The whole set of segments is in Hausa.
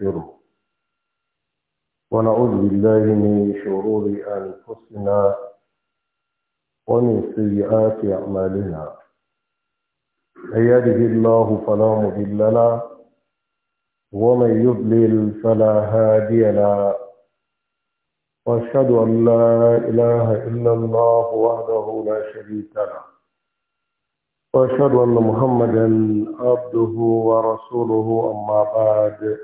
نستغفره ونعوذ بالله من شرور أنفسنا ومن سيئات أعمالنا من يهده الله فلا مضل له ومن يضلل فلا هادي له واشهد ان لا اله الا الله وحده لا شريك له واشهد ان محمدا عبده ورسوله اما بعد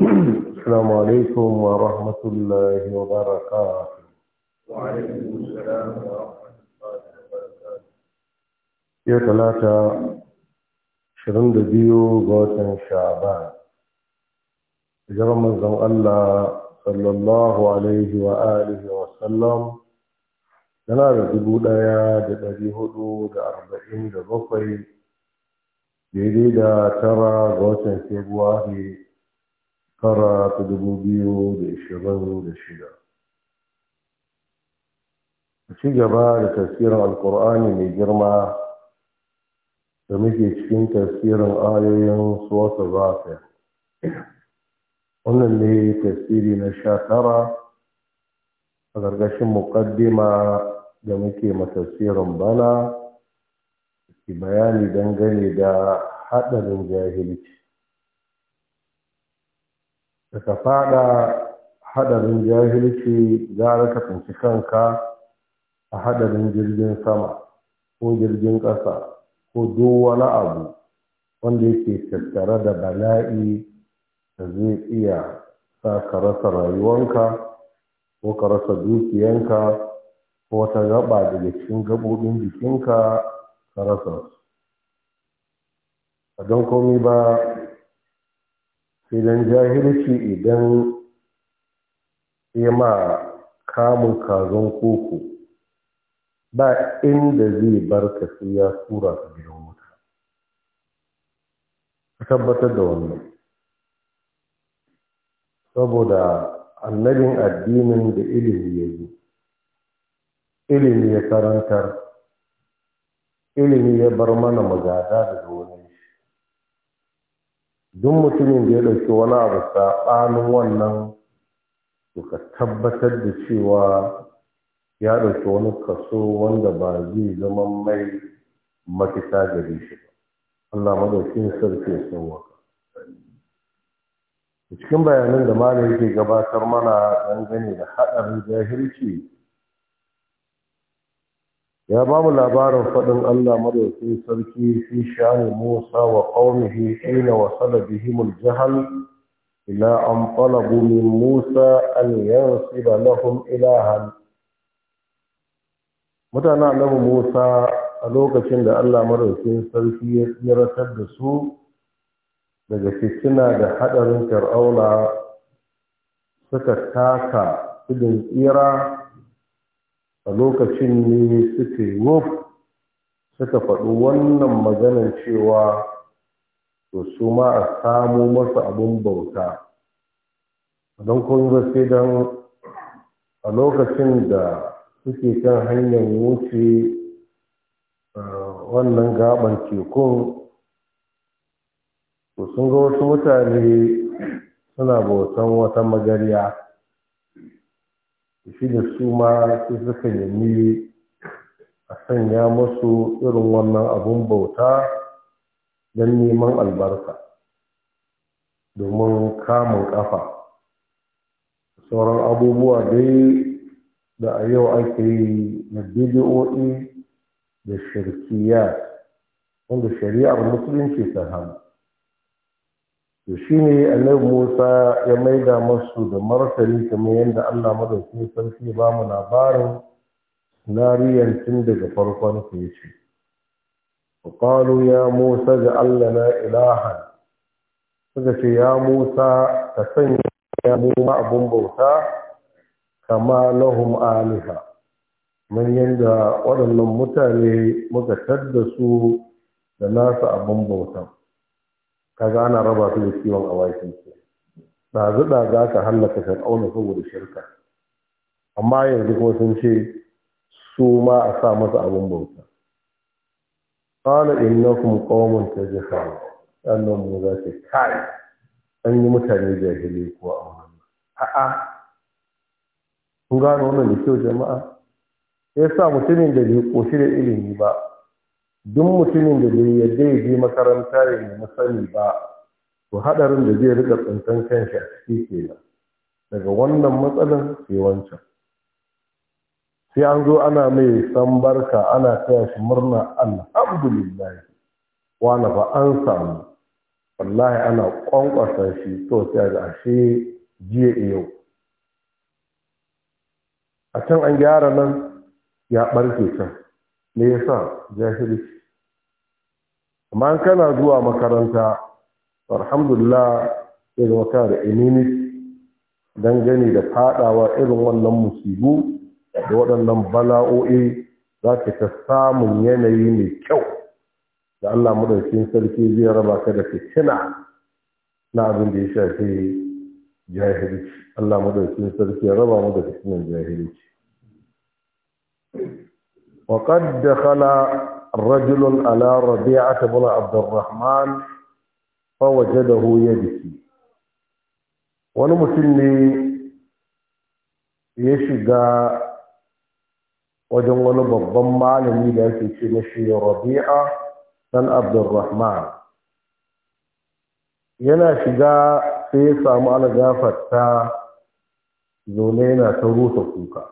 السلام عليكم ورحمة الله وبركاته وعليكم السلام ورحمة الله وبركاته يا ثلاثة شرند بيو غوتن شعبان جرم الله صلى الله عليه وآله وسلم yana رجبو دايا ɗaya هدو دا أربعين دا arba'in da bakwai daidai da tara ga watan februari Kara ta dubu biyu da ishirin da shida a ci gaba da tasirin alkur'ani mai girma da muke cikin tasirin ayoyin suwata kai, wannan ne tasiri na sha tara a ƙarƙashin muƙaddima da muke matasirin bana ke bayani dangane da haɗarin jahilci da ka fada hadarin jahilci gara ka tsinci kanka a hadarin jirgin sama ko jirgin ƙasa ko duk wani abu wanda yake tattare da bala'i da zai iya sa ka rasa rayuwanka ko ka rasa dukiyanka ko wata gaba daga cikin gaɓoɓin jikinka ka rasa su don komi ba filin jahilci idan ya ma kamun kazon koko ba inda zai bar ka sai ya tura ka gidan wuta a tabbatar da wannan saboda annabin addinin da ilimi ya yi ilimi ya karantar ilimi ya bar mana magada daga wani duk mutumin da ya ɗauki wani abu saɓanin wannan to ka tabbatar da cewa ya ɗauki wani kaso wanda ba zai zama mai mafita gare shi ba Allah madaukin sarki ya A cikin bayanan da malam yake gabatar mana dangane da haɗarin jahilci ya ba mu labarin faɗin Allah madaukakin sarki fi shani Musa wa qaumihi ina wasala bihim al-jahl ila an talabu min Musa an yansiba lahum ilahan mutanen annabi Musa a lokacin da Allah madaukakin sarki ya tsiratar da su daga fitina da hadarin Fir'auna suka taka tudun tsira a lokacin ne suke yi wuf suka faɗi wannan maganar cewa to su ma a samu masa abin bauta don kun sai don a lokacin da suke kan hanyar wuce wannan gaban tekun to sun ga wasu mutane suna bautan wata magarya. shi da su ma sai suka nemi a sanya masu irin wannan abun bauta don neman albarka domin kamun kafa sauran abubuwa dai da a yau ake yi na bidiyo'i da shirkiya wanda shari'ar musulunci ta hannu to ne annabi Musa ya maida masu da martani kamar yadda Allah madaukin sarki ba mu labarin nariyar tun daga farkon su ce qalu ya Musa Allah na ilahan suka ce ya Musa ka sanya ya mu abun bauta kama lahum aliha mun yanda waɗannan mutane muka tadda su da nasu abun bautan kaga ana raba su da kiwon da zuɗa za aka hallaka fir'auna saboda shirka amma yanzu kuma sun ce su ma a sa masa abin bauta qala innakum qaumun tajhalun nan mu za ce kai an yi mutane jahili ko a wannan a'a kun gano wannan da kyau jama'a ya sa mutumin da bai koshi da ilimi ba duk mutumin da bai yadda ya je makaranta ya nemi sani ba to hadarin da zai rika tsintan kanshi a ciki kenan daga wannan matsalan sai wancan sai an zo ana mai san barka ana taya shi murna alhamdulillah wani fa an samu wallahi ana kwankwasa shi to sai ga ashe jiya yau a can an gyara nan ya barke can me yasa jahilci amma kana zuwa makaranta alhamdulillah ya zama kana da immunity dangane da fadawa irin wannan musibu da waɗannan bala'o'i za ka ta samun yanayi mai kyau da Allah madaukakin sarki zai raba ka da fitina na abin da ya shafi jahilci Allah madaukakin sarki ya raba mu da fitinan jahilci وقد دخل رجل على ربيعة بن عبد الرحمن فوجده يبكي wani mutum ne ya shiga wajen wani babban malami da yake ce mashi rabi'a dan abdurrahman yana shiga sai ya samu ta zaune yana ta rusa kuka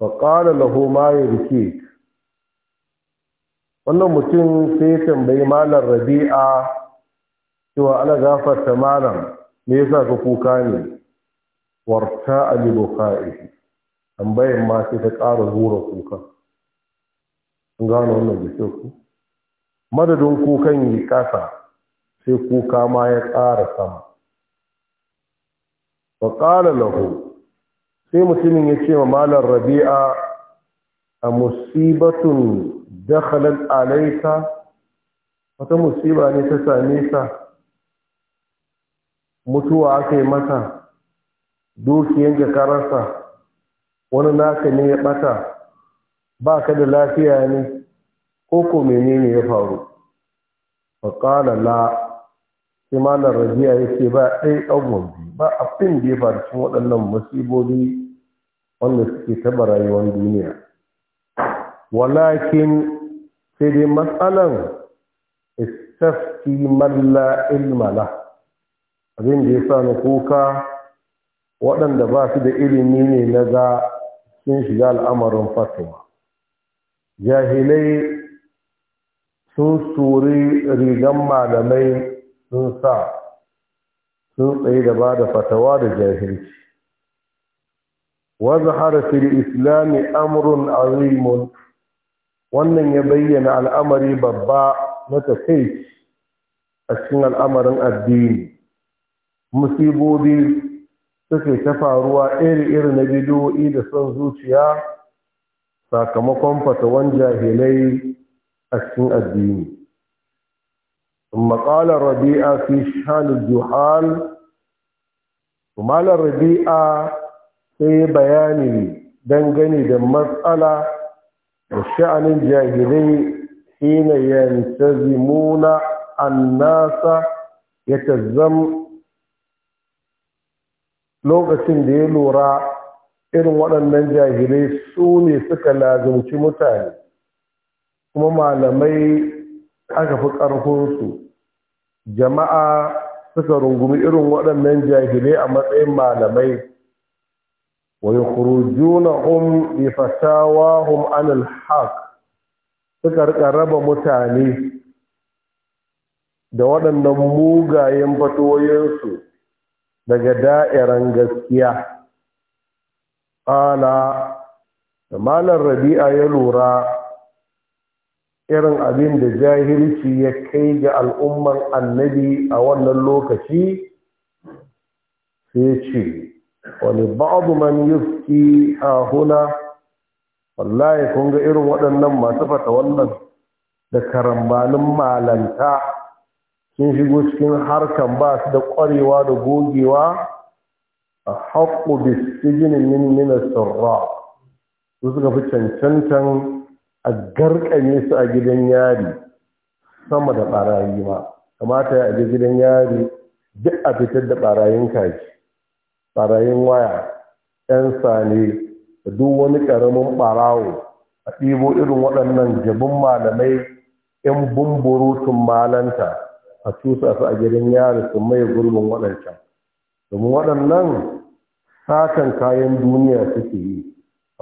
faƙala lahu ma ya rike wannan mutum sai ya tambayi malam rabi'a cewa ana gafarta malam me yasa ka kuka ne warta ali tambayin ma sai ta ƙara zura kuka an gano wannan da kyau madadin kukan yi ƙasa sai kuka ma ya ƙara sama wa ƙara lahu sai mutumin ya ce ma malam rabi'a a musibatun dakhalat alayka wata musiba ne ta same ka mutuwa aka yi mata dukiyan ka karasa wani naka ne ya bata ba ka da lafiya ne ko ko menene ya faru faƙala la sai malar ya ce ba ɗai ɗaugon biyu ba abin da ya faru cikin waɗannan masibobi wanda suke taɓa rayuwar duniya walakin sai dai matsalan istafti malla ilmala abin da ya sa ni kuka waɗanda ba su da ilimi ne na ga sun shiga al'amarin fatuwa jahilai sun suri rigan malamai sun sa sun tsaye da ba da fatawa da jahilci wazahara fil islami amrun azimun wannan ya bayyana al'amari babba na tafai a cikin al'amarin addini musibobi suke ta faruwa iri-iri na bidiyoyi da son zuciya sakamakon fatawan jahilai a cikin addini maƙalar rabi'a fi shanu juhal malar rabi'a sai bayani dangane da matsala وشأن الجاهلي حين ينتزمون الناس يتزم lokacin da ya lura irin waɗannan jahilai su ne suka lazumci mutane kuma malamai aka fi ƙarfinsu jama'a suka rungumi irin waɗannan jahilai a matsayin malamai ويخرجونهم بفتاواهم عن الحق suka rika raba mutane da waɗannan mugayen fatoyinsu daga da'iran gaskiya ƙala da malar rabi'a ya lura irin abin da jahilci ya kai ga al'umman annabi a wannan lokaci sai ce Wani ولبعض man يفتي a huna wallahi kun ga irin waɗannan masu fata wannan da karambanin malanta sun shigo cikin harkan ba su da ƙwarewa da gogewa a haƙo da sijinin min nina sarra su suka fi cancantan a garkame su a gidan yari sama da ɓarayi ma kamata ya aje gidan yari duk a fitar da ɓarayin kaji ɓarayin waya 'yan sane da duk wani ƙaramin ɓarawo a ɗibo irin waɗannan jabin malamai 'yan bumburutun malanta a cusa su a gidan yari su mai gurbin waɗancan domin waɗannan satan kayan duniya suke yi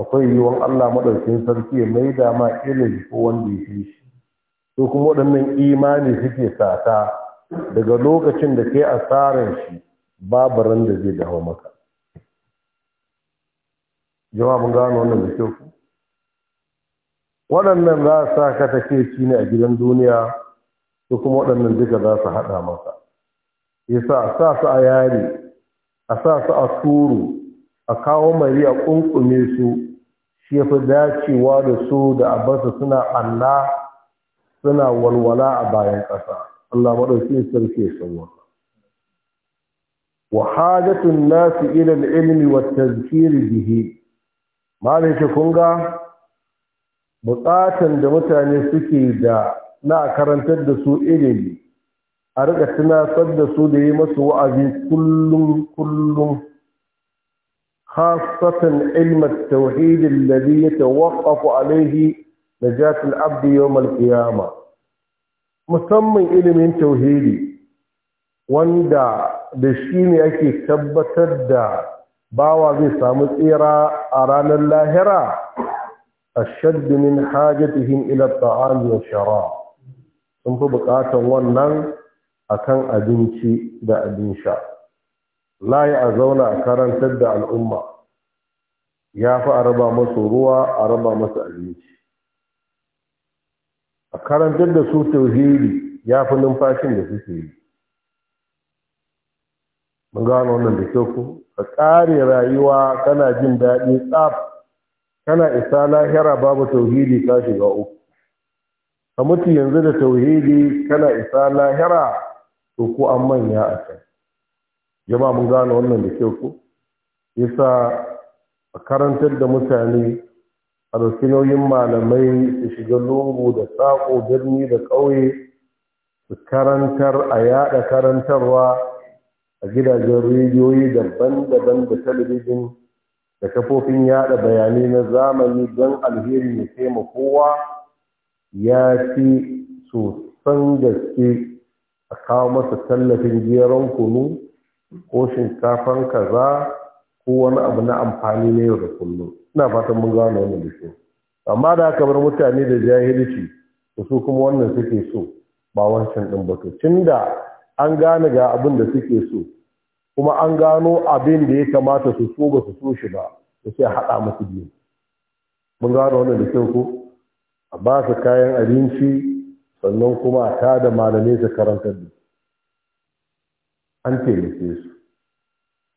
akwai yiwuwan allah maɗaukin sarki ya mai dama irin ko wanda ya fi shi to kuma waɗannan imani suke sata daga lokacin da kai asarar shi babu ran da zai dawo maka jawabin gano wannan da kyau waɗannan za a sa ka take shi ne a gidan duniya su kuma waɗannan duka za su haɗa maka yasa a sa su a yari a sa su a turu a kawo mari a ƙunƙume su shi ya fi dacewa da su da abarsa suna Allah suna walwala a bayan ƙasa Allah maɗauki sarki ya sauwa wa hajatun nasu ila ilmi wa tazkiri bihi Malam ce bukatan buƙatan da mutane suke da na karantar da su ilimi a riƙa tunatar da su da yi masu wa'azi kullum kullum خاصة علم التوحيد الذي يتوقف عليه نجاة العبد يوم القيامة musamman ilimin tauhidi wanda da shi ne ake tabbatar da bawa zai samu tsira a ranar lahira a shaddumin hajjatihin ilatta'an yau shara sun fi bukatan wannan akan abinci da abin sha layi a zauna a karantar da al'umma ya fi a raba masu ruwa a raba masu abinci a karantar da su tauhiri ya fi numfashin da suke yi mun gano wannan da kyau ku ka ƙare rayuwa kana jin daɗi tsaf kana isa lahira babu tauhidi ka shiga uku ka mutu yanzu da tauhidi kana isa lahira to ko an manya a can jama mun gano wannan da kyau ku isa a karantar da mutane a ɗauki nauyin malamai su shiga lungu da saƙo birni da ƙauye su karantar a yaɗa karantarwa a gidajen rediyoyi daban-daban da talabijin da kafofin yada bayanai na zamani don alheri ya taima kowa ya fi sosan gaske a kawo masa tallafin jeron kunu ko shinkafan kaza ko wani abu na amfani na yau da kullum ina fatan mun gano wannan da shi amma da aka bar mutane da jahilci da su kuma wannan suke so ba wancan din ba to tunda an gane ga abin da suke so kuma an gano abin da ya kamata su so ba su so shi ba da sai haɗa masu biyu mun gano wannan da kyau ko a ba su kayan abinci sannan kuma a tada malamai su karantar da an taimake su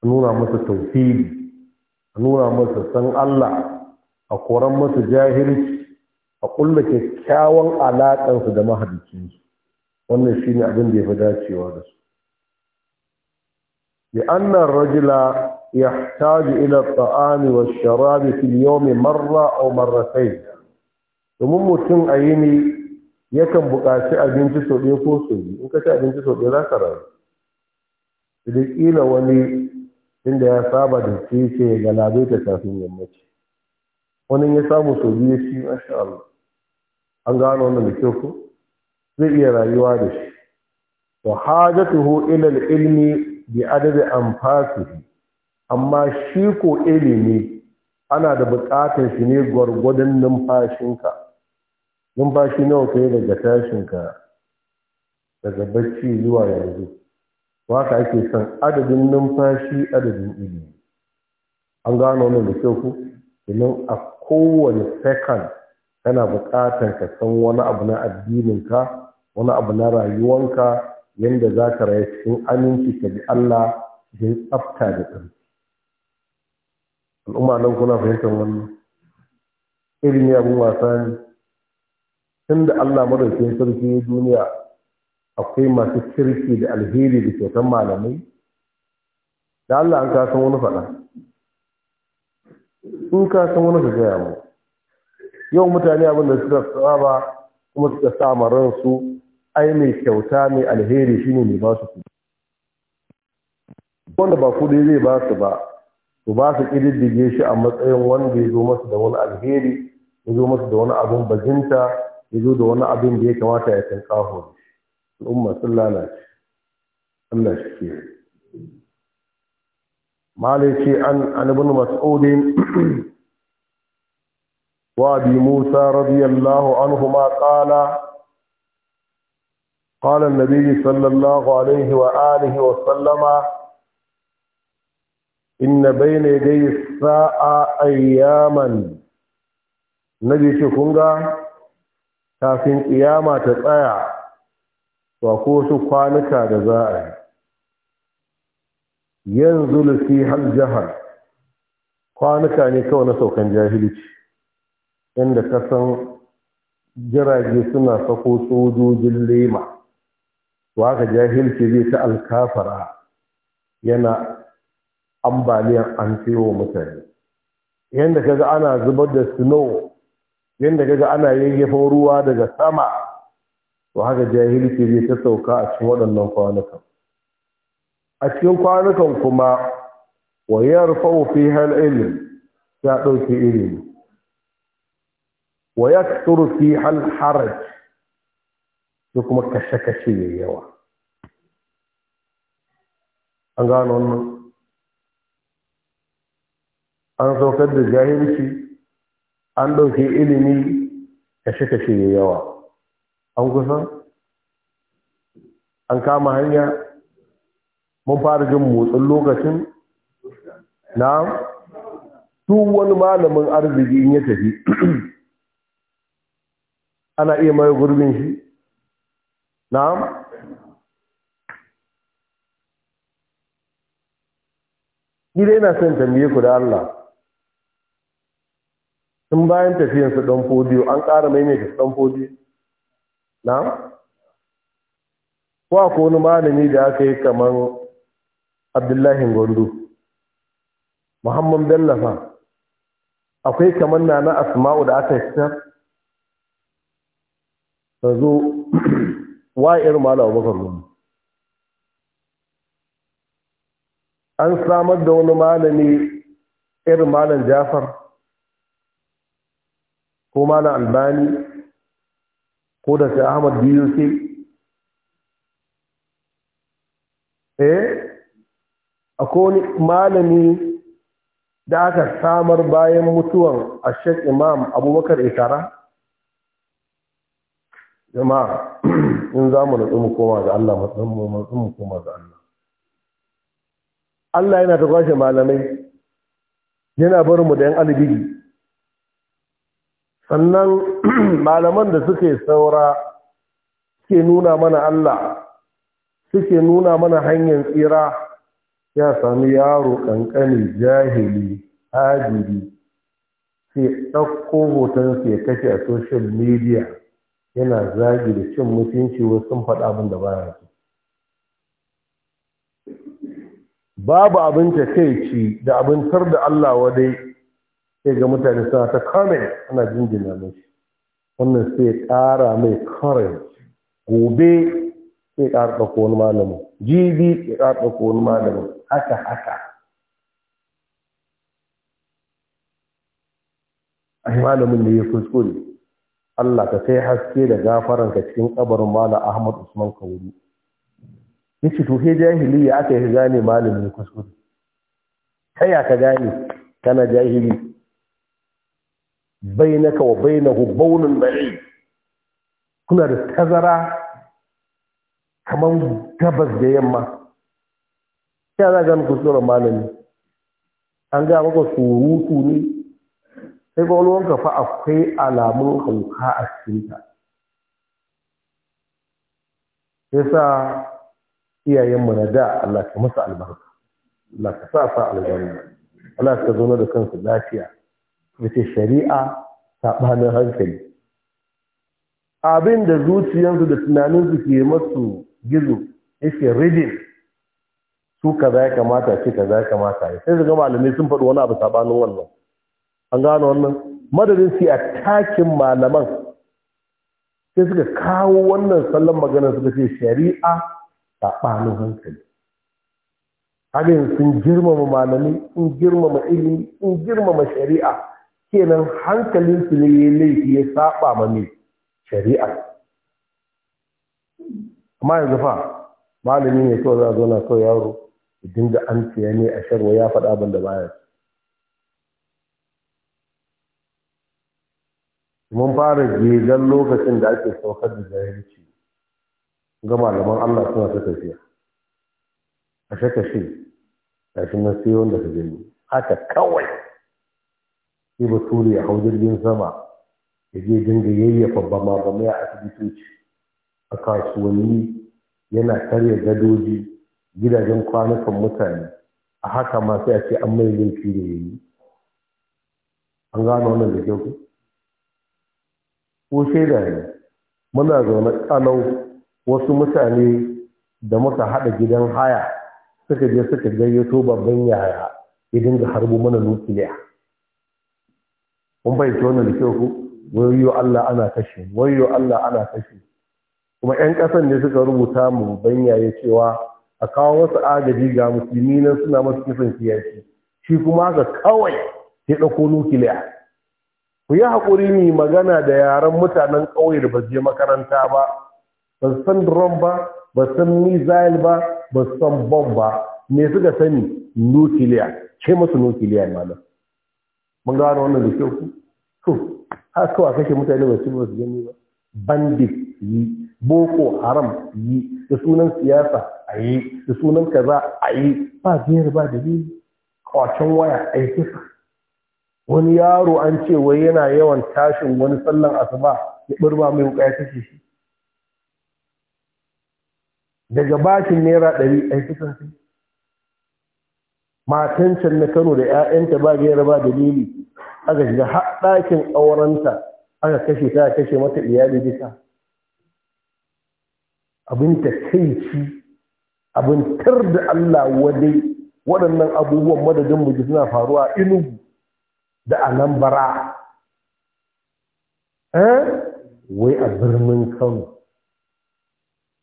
a nuna masa tauhidi a nuna masa san Allah a koran musu jahilci a ƙulla kyakkyawan alaƙansu da mahalicinsu wannan shine abin da ya fi dacewa da su bi rajila rajula yahtaju ila tsa'ani wa sharabi fil mai marra aw marratayn domin mutum a yi ne yakan buƙaci abinci sau ɗaya ko sau in ka ci abinci sau za ka rayu da ƙila wani inda ya saba da ce ce ga labaita kafin yammaci wani ya samu sau biyu shi masha Allah an gano wannan da kyau ko zai iya rayuwa da shi wa hajatuhu ila ilmi bi adadi anfasihi amma shi ko ilimi ana da buƙatar shi ne gwargwadon numfashinka numfashi nawa kai daga tashinka daga bacci zuwa yanzu waka ake son adadin numfashi adadin ilimi an gano nan da kyau ku domin a kowane second kana buƙatar ka san wani abu na addinin ka. wani abu na rayuwanka yadda za ka rayu cikin aminci ka bi Allah cikin tsafta da tsari al'umma nan kuna fahimtar wannan irin yabin wasa ne tun da Allah madaukin sarki ya duniya akwai masu kirki da alheri da kyautan malamai da Allah an kasan wani faɗa in kasan wani ka gaya mu yau mutane abin da suka saba kuma suka sa su. ai mai kyauta mai alheri shine mai ba su kudi wanda ba kudi zai ba su ba su ba su kididdige shi a matsayin wanda ya zo masu da wani alheri ya zo masu da wani abin bajinta ya zo da wani abin da ya kamata ya san kaho al'umma sun lalace Allah shi ke malai ce an an ibn wa bi Musa radiyallahu anhu ma قال قال النبي صلى الله عليه وآله وسلم إن بين يدي الساعة أياما نبي شكونغا كافين قيامة تتايا وقوس قانكا جزاء ينزل فيها الجهل قانكا نسو كان جاهلتي عند كسن جراجي سنة sako sojojin lema waka jahilci zai ta alkafara yana ambaliyan an wa mutane yadda kaga ana zubar da snow yadda kaga ana yayyafa ruwa daga sama to haka jahilci zai ta sauka a cikin waɗannan kwanukan a cikin kwanukan kuma wa yarfa'u fiha al-ilm ya ɗauki ilimi wa yakturu fiha al-haraj sai kuma kashe-kashe ya yawa an gano wannan an saukar da jahilci an ɗauke ilimi kashe-kashe ya yawa an kusa an kama hanya mun fara jin motsin lokacin na duk wani malamin arziki in ya tafi ana iya mai gurbin shi na'am ni ina son tambaye ku da Allah tun bayan tafiyan su don fodiyo an ƙara mai su don fodiyo na'am ko ko wani malami da aka yi kamar Abdullahi Gondo Muhammad Bello akwai kamar na na Asma'u da aka yi ta zo wa’ir irin malam abubakar gumi an samar da wani malami irin malam jafar ko malam albani ko da ta ahmad biyu eh ko wani malami da aka samar bayan mutuwan ashek imam abubakar ikara jama'a in za mu nutsu mu koma ga Allah matsin mu matsin mu koma ga Allah Allah yana ta kwashe malamai yana bar mu da yan albigi sannan malaman da suke saura suke nuna mana Allah suke nuna mana hanyar tsira ya sami yaro kankani jahili ajiri sai ɗauko hoton ya kashe a social media yana zagi da cin mutunci wasu sun faɗa abin da baya su babu abin ta kai ci da abin tar da Allah wadai sai ga mutane suna ta kame ana jinjina mashi wannan sai ƙara mai kare gobe sai ƙara ɗauko wani malamin jibi ya ƙara ɗauko wani malamin haka haka ai malamin da ya kuskure Allah ka kai haske da gafaran ka cikin kabarin Malam Ahmad Usman Kauru yace to he jahiliya aka yi gane malamin kuskure kai ya ka gane kana jahili bainaka wa bainahu bawnun ba'id kuna da tazara kaman gabas da yamma ya za gane kuskuren malami an ga maka surutu ne sai ƙwaƙwalwanka fa akwai alamun hauka a cikinta sai sa iyayenmu na da Allah ka masa albarka Allah ka sa sa albarka Allah ka zauna da kansu lafiya wace shari'a saɓanin hankali abin da zuciyarsu da tunaninsu ke masu gizo yake ridin su za ya kamata ce za ya kamata ya sai ga malamai sun faɗi wani abu saɓanin wannan an gano wannan madadin sai a takin malaman sai suka kawo wannan sallan magana suka ce shari'a saɓanin hankali hagin sun girmama malami sun girmama ilimi sun girmama shari'a kenan hankalinsu ne ya laifi ya saba ma ne shari'a amma yanzu fa malami ne kawai za a zo na so yaro dinga an ne a sharwa ya faɗa abin da baya mun fara gidan lokacin da ake saukar da jahilci ga malaman Allah suna ta tafiya a shaka shi ga shi nan sai wanda ka gani haka kawai sai bature ya hau jirgin sama ya je dinga yayyafa ba mai a asibitoci a kasuwanni yana karya gadoji gidajen kwanukan mutane a haka ma sai a ce an mai yin da yayi an gano wannan da kyau ko shaida ne muna zaune kalau wasu mutane da muka haɗa gidan haya suka je suka gayyato babban yaya ya dinga harbo mana nukiliya kun fahimci wannan da kyau ku wayo Allah ana kashe wayo Allah ana kashe kuma 'yan ƙasan ne suka rubuta mu yaya cewa a kawo wasu agaji ga musulmi nan suna masu kisan kiyashi shi kuma ga kawai ya ɗauko nukiliya ku yi haƙuri ne magana da yaren mutanen ƙauye da ba je makaranta ba ba su san drum ba ba su san missile ba ba su san bomb ba me suka sani nukiliya ce masu nukiliya malam mun gano wannan da kyau ku to har kawai kashe mutane ba su ba su gani ba bandit yi boko haram yi da sunan siyasa a yi da sunan kaza a yi ba biyar ba da biyu kawacin waya a yi wani yaro an ce wai yana yawan tashin wani sallan asuba ya burba mai wuka ya kashe shi daga bashin naira ɗari a kisan sai matan can na kano da 'ya'yanta ba gaira ba dalili aka shiga haɗakin aurenta aka kashe ta kashe mata iyali bisa abin ta kai ci abin tar da Allah wadai waɗannan abubuwan madadin mu suna faruwa inugu da a nan bara, eh wai a birnin kano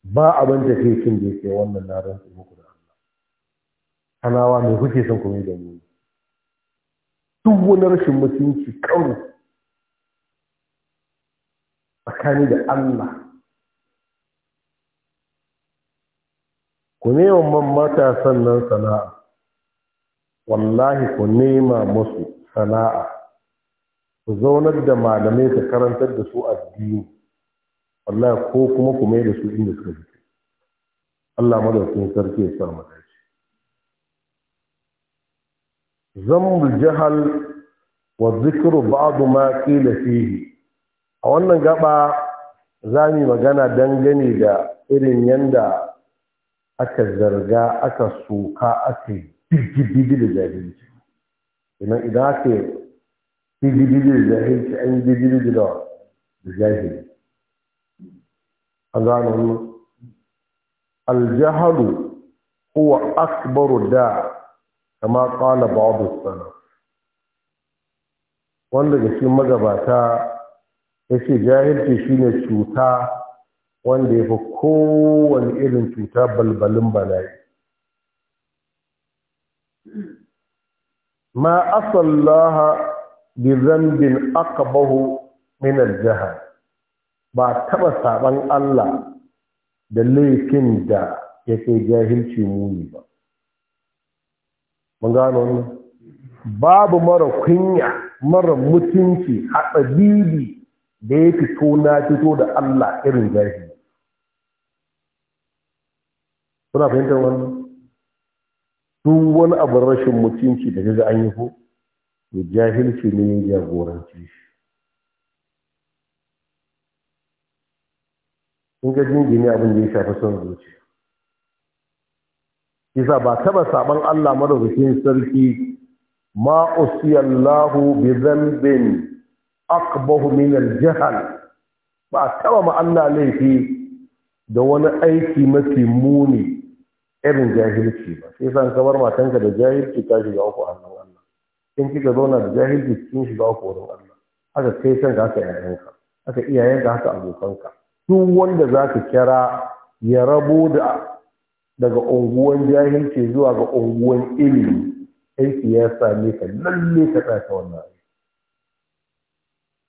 ba abin da ke cin da yake wannan na rantsu da Allah kanawa mai kuke son kuma da ni duk wani rashin mutunci kano tsakani da Allah ku neman matasan nan sana'a wallahi ku nema musu sana'a ku zaunar da malamai ka karantar da su addini wallahi ko kuma ku mai da su inda suka fito Allah madaukakin sarki ya sa mu dace zamul jahal wa dhikru ba'd ma qila fihi a wannan gaba za mu magana dangane da irin yanda aka zarga aka soka aka yi digidigi da jahilci Ina idan aka digidigi da jahilci an yi da jahili A gano wannan aljahalu huwa akbaru da kama kala ba'adu sana wanda da shi magabata ya ce jahilci shine cuta wanda ya fi kowane irin cuta balbalin bala'i ma asallaha bi zambin aqbahu min al-jahal ba taba saban Allah da laifin da yake jahilci muni ba mun gano ne babu mara kunya mara mutunci hatsabibi da ya fito na fito da Allah irin jahili kuna fahimtar wannan duk wani abin rashin mutunci da ga an yi ko to jahilci ne ya jagoranci shi in ga jingine abin da ya shafi son zuci kisa ba taba saban Allah madaukakin sarki ma usiyallahu bi dhanbin aqbahu min al-jahl ba taba ma Allah laifi da wani aiki mafi muni irin jahilci ba sai san kamar matanka da jahilci ta shiga uku hannun Allah in kika zauna da jahilci kin shiga uku wurin Allah haka kai san haka yayanka haka ka haka abokanka duk wanda zaka kira ya rabo da daga unguwan jahilci zuwa ga unguwan ilimi aiki ya same ka lalle ka ta wannan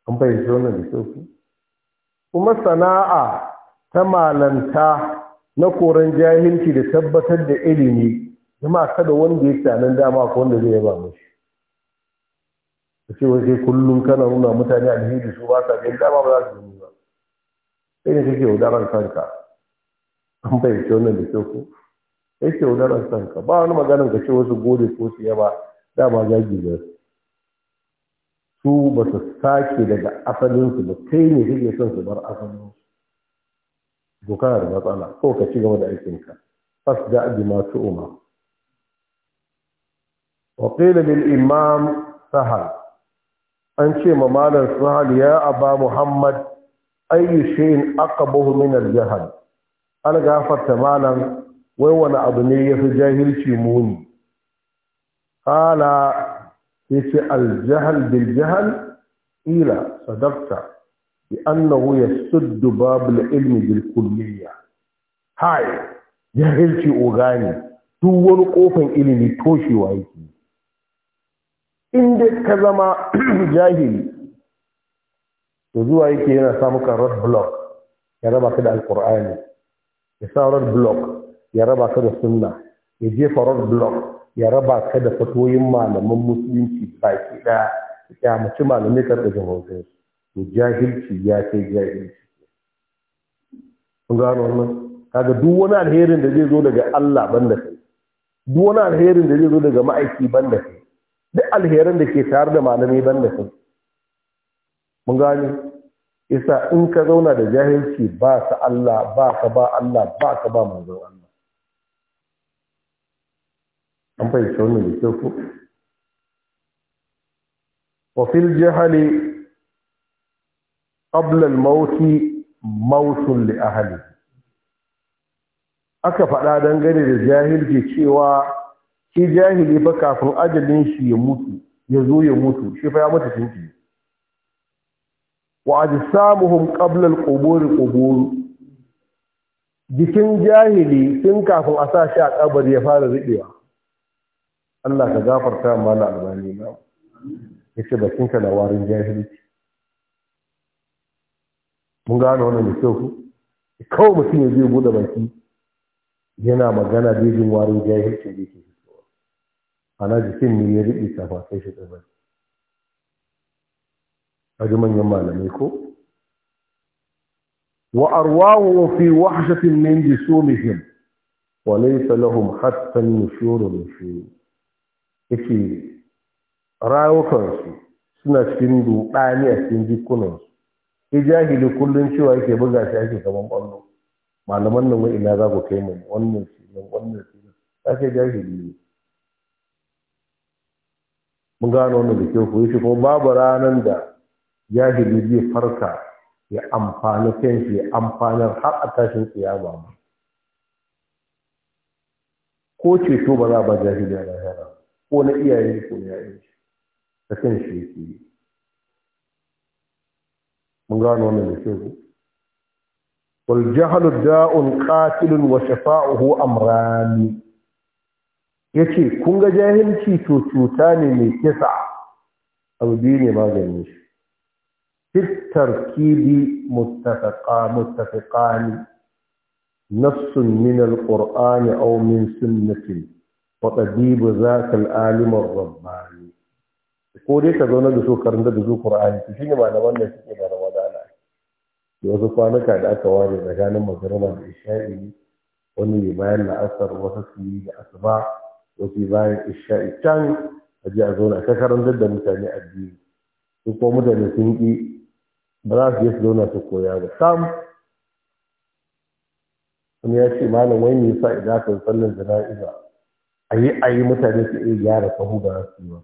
an fahimci da kyau kuma sana'a ta malanta na koran jahilci da tabbatar da ilimi kuma kada wanda ya tsanan dama ko wanda zai yaba mushi ta ce waje kullum kana nuna mutane alheri su ba sa gani dama ba za su yi ba sai ne kake yaudarar kanka an bai ce wannan da kyau ko sai ke yaudarar kanka ba wani maganin ka ce wasu gode ko su yaba dama zagi ba su ba su sake daga asalinsu ba kai ne kake son su bar asalinsu to da matsala ko ka ci gaba da aikinka da bi ma tu'ma wa qila lil imam sahal an ce ma malam sahal ya aba muhammad ayi shay'in aqabahu min al jahl An gafarta malam wai wani abu ne yafi jahilci muni qala yace al jahl bil jahl ila sadaqta لأنه يسد باب العلم بالكلية هاي jahilci ogani duk wani ilimi toshewa yake inda ka zama jahili to zuwa yake yana samu ka red block ya raba ka da alkur'ani ya sa red block ya raba ka da sunna ya jefa red block ya raba ka da fatoyin malaman musulunci baki ɗaya ya mace malamai karɓar jihohinsu to jahilci ya kai jahilci kun gano wannan kaga duk wani alherin da zai zo daga Allah banda kai duk wani alherin da zai zo daga ma'aiki banda kai duk alherin da ke tare da malami banda kai mun gane isa in ka zauna da jahilci ba ka Allah ba ka ba Allah ba ka ba manzon Allah an fahimci wannan da kyau ko wa fil jahali قبل الموت موت mausun aka faɗa dangane da jahilci cewa shi jahili ba kafin ajalin shi ya mutu ya zo ya mutu shi fa ya mutu tinki wa ajsamuhum qabla al-qubur qubur jikin jahili tun kafin a sa shi a kabari ya fara riɓewa Allah ka gafarta mana albani na yace bakinka na warin jahilci mun gano wannan da kyau ku kawai mutum ya zai buɗe baki yana magana daidin warin jahilci da yake fitowa ana jikin ne ya riɓe kafa sai shi ɗabar a ji manyan malamai ko wa arwahu fi wahshatin min jisumihim wa laysa lahum hatta nushuru nushuru yake rayukansu suna cikin duɗani a cikin jikunansu shi jahili kullum cewa yake buga shi ake kaman ƙwallo malaman nan wai ina za ku kai mu wannan filin wannan filin ta ce jahili ne mun gano wannan da kyau ku yi shi kuma babu ranar da jahili zai farka ya amfani kan shi amfanar har a tashin tsiyama ba ko ceto ba za a ba jahili a ranar ko na iyayen ko na yayin shi ta kan shi yake yi mun gano wannan da kyau wal jahlu da'un qatilun wa shafa'uhu amrani yace kun ga jahilci to cuta ne mai kisa abu biyu ne maganin shi fit tarkibi muttafaqa muttafaqani نص من القرآن أو من سنة وتديب ذاك العالم الرباني ko dai ka zauna da so karanta da zo Qur'ani to shine malaman da suke da wasu kwanuka da aka ware tsakanin magarama da isha'i wani yi bayan la'asar wasu su yi da asuba wasu bayan isha'i can a ji a zauna ta karantar da mutane addini su ko mutane sun ƙi ba za su yi su zauna su koya ba sam wani ya ce malam wai me yasa idan aka yi sallar jana'iza a yi a yi mutane su iya gyara sahu ba za su yi ba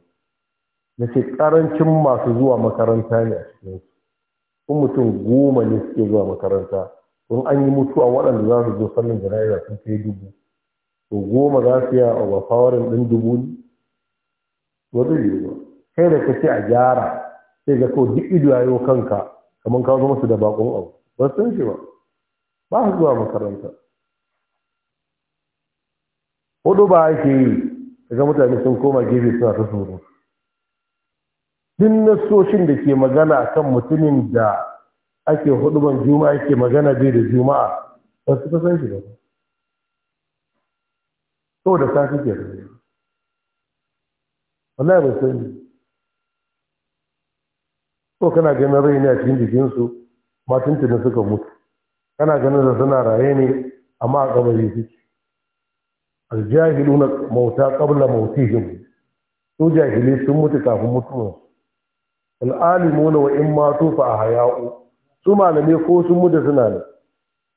na ce ƙarancin masu zuwa makaranta ne a cikinsu kun mutum goma ne suke zuwa makaranta kun an yi mutuwa waɗanda za su zo sallan jana'iza sun kai dubu to goma za su yi a wafawarin ɗin dubu ne ba yi ba kai da ka ce a gyara sai ga kawai duk ido yayo kanka kamar ka zo musu da bakon abu ba san shi ba ba su zuwa makaranta hudu ba ake yi daga mutane sun koma gefe suna ta surutu duk nasoshin da ke magana kan mutumin da ake huduban juma'a ke magana bai da juma'a ba su kasan shi ba so da safi ke da wallahi ba sani so kana ganin rai ne a cikin jikinsu matan tuni suka mutu kana ganin da suna raye ne amma a kabari suke aljahiluna mauta qabla mautihim su jahili sun mutu kafin mutuwarsu al’alimuna na wa'in matu fa a haya'u su malame ko sun muda suna ne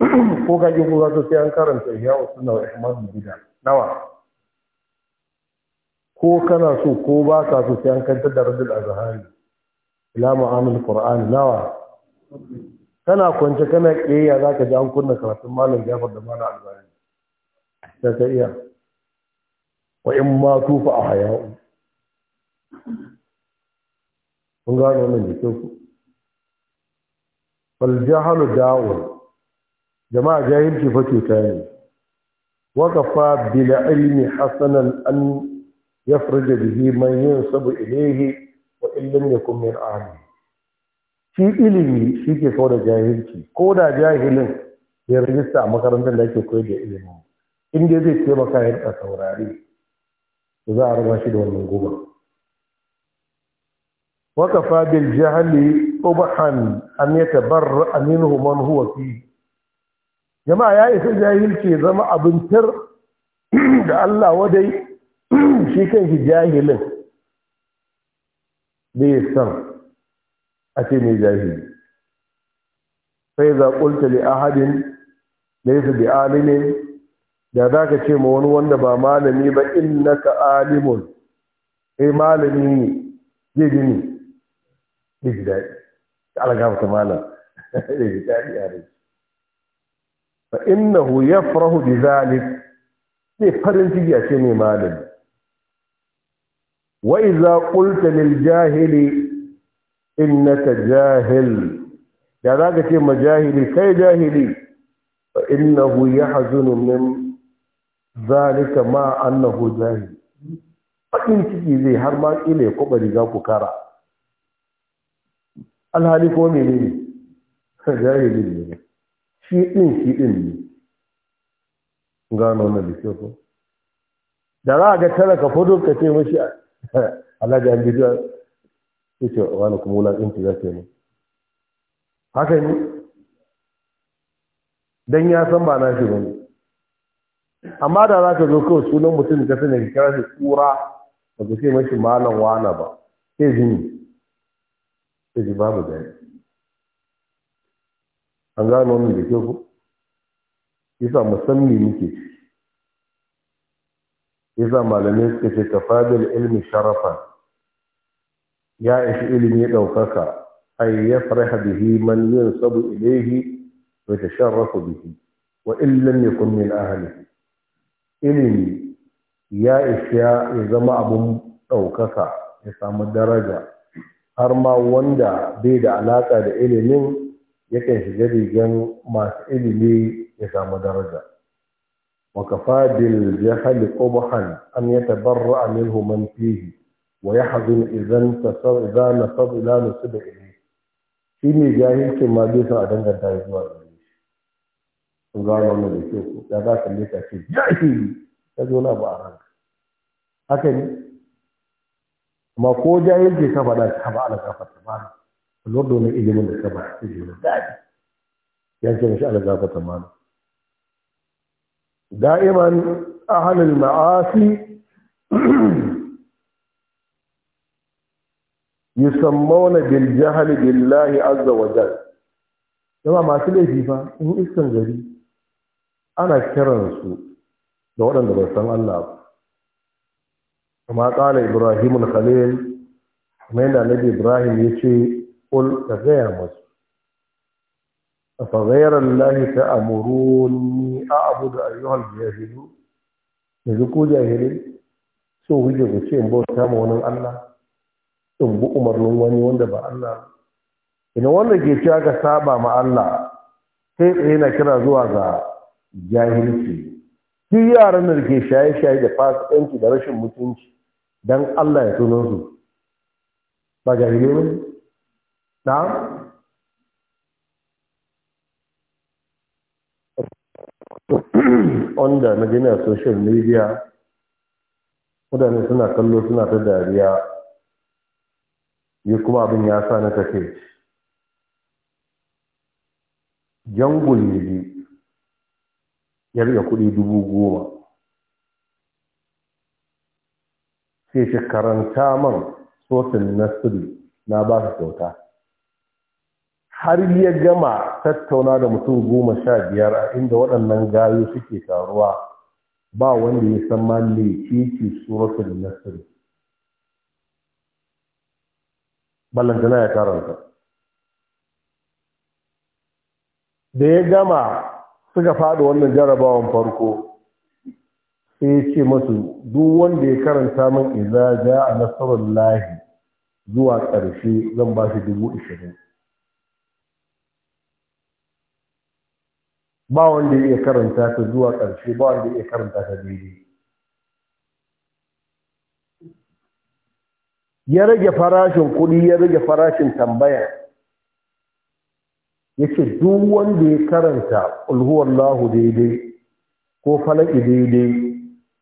ko ka ƙi ko za su sai an karanta ihya'u suna wa'in masu gida nawa ko kana so ko ba ka so sai an kanta da rajul azhari ila amin qur'an nawa kana kwance kana ƙiyayya za ka ji an kunna karatun malam jafar da malam albani sai ya iya wa in ma tufa a haya'u kun gano wannan da kyau ku fal jahalu da'un jama'a jahilci fa cuta ne وكفى بالعلم حسنا أن يفرج به من ينسب wa وإن لم يكن من أهله shi ilimi shi ke kawo da jahilci ko da jahilin ya rajista a makarantar da ake koyar da ilimi in dai zai taimaka ya rika wurare, to za a raba shi da wannan goma وكفى بالجهل قبحا أن يتبرأ منه من هو فيه جماعة يا إسا جاهل كي زما أبن تر da Allah wadai shi kanshi jahilin bai san a ce jahili sai za ƙulta li ahadin laysa bi alimin da za ka ce ma wani wanda ba malami ba innaka alimun kai malami ne zai zai ji daɗi ala malam zai ji daɗi a rai fa innahu farin ciki a ce ne malami wa iza qulta lil jahili innaka jahil da zaka ce ma jahili kai jahili fa innahu yahzunu min zalika ma annahu jahil farin ciki zai har ma kila ya kwaba riga ku alhali ko mene ne jahilin ne shi ɗin shi ɗin ne gano na da ko da za a ga talaka fodo ka ce mashi alhaji an bidiyo ya ce wani kuma wulaƙinci ɗin ta ne haka ne don ya san ba na shi ba ne amma da za ka zo kawai sunan mutum ka sani ka kira shi kura ba ka ce mashi malam wana ba sai zini sai ji babu daɗi an gano wannan da kyau ko yasa musamman muke ci yasa malamai suka ce kafabil ilmi sharafa ya ishi ilimi ɗaukaka ya yafraha bihi man yunsabu ilayhi wa tasharrafu bihi wa in lam yakun min ahlihi ilimi ya ishi ya zama abun ɗaukaka ya samu daraja har ma wanda bai da alaƙa da ilimin yakan shiga rigar masu ilimi ya samu daraja wa Yahali bil jahali qubhan an yatabarra minhu man fihi wa yahzun idan tasawda na fadila na suba ilimi shi ne jahilci ma bai a danganta shi zuwa ga shi to ga wannan da ya ga kalle ka shi ya shi ya zo na ba haka ne amma ko yake ka faɗa ka ba ala gafar ta ba lord domin ilimin da ka ba ilimin da ya ce mashi ala gafar ta ma da'iman ahlul ma'asi yusammawna bil jahl billahi azza wa jalla yawa masu laifi fa in iskan gari ana kiransu da waɗanda ba san Allah ba kama kala ibrahim khalil kuma yadda annabi ibrahim ya ce kul ka gaya masu a fagayar lahi ta ni a abu da ayyuhal jahilu yanzu ko jahilai so kuke ku ce in bauta ma wani allah Sun bi umarnin wani wanda ba allah ina wanda ke ci aka saba ma allah sai tsaye na kira zuwa ga jahilci shi yaran da ke shaye-shaye da fasikanci da rashin mutunci Dan Allah ya su. ba jahili ne na wanda na gina social media mutane suna kallo suna ta dariya yi kuma abin ya sa na tafe jangul ne Yarya kuɗi dubu goma sai shi karanta man sosin nasiru na ba su kyauta har ya gama tattauna da mutum goma sha biyar a inda waɗannan gayo suke taruwa ba wanda ya san ma mece ce suratul nasr ballantana ya karanta da ya gama suka faɗi wannan jarabawan farko sai ya ce masu duk wanda ya karanta min iza ja a nasarar lahi zuwa ƙarshe zan ba shi dubu ishirin ba wanda ya iya karanta ta zuwa ƙarshe ba wanda ya iya karanta ta daidai ya rage farashin kuɗi ya rage farashin tambaya ya ce duk wanda ya karanta ulhuwar lahu daidai ko falaki daidai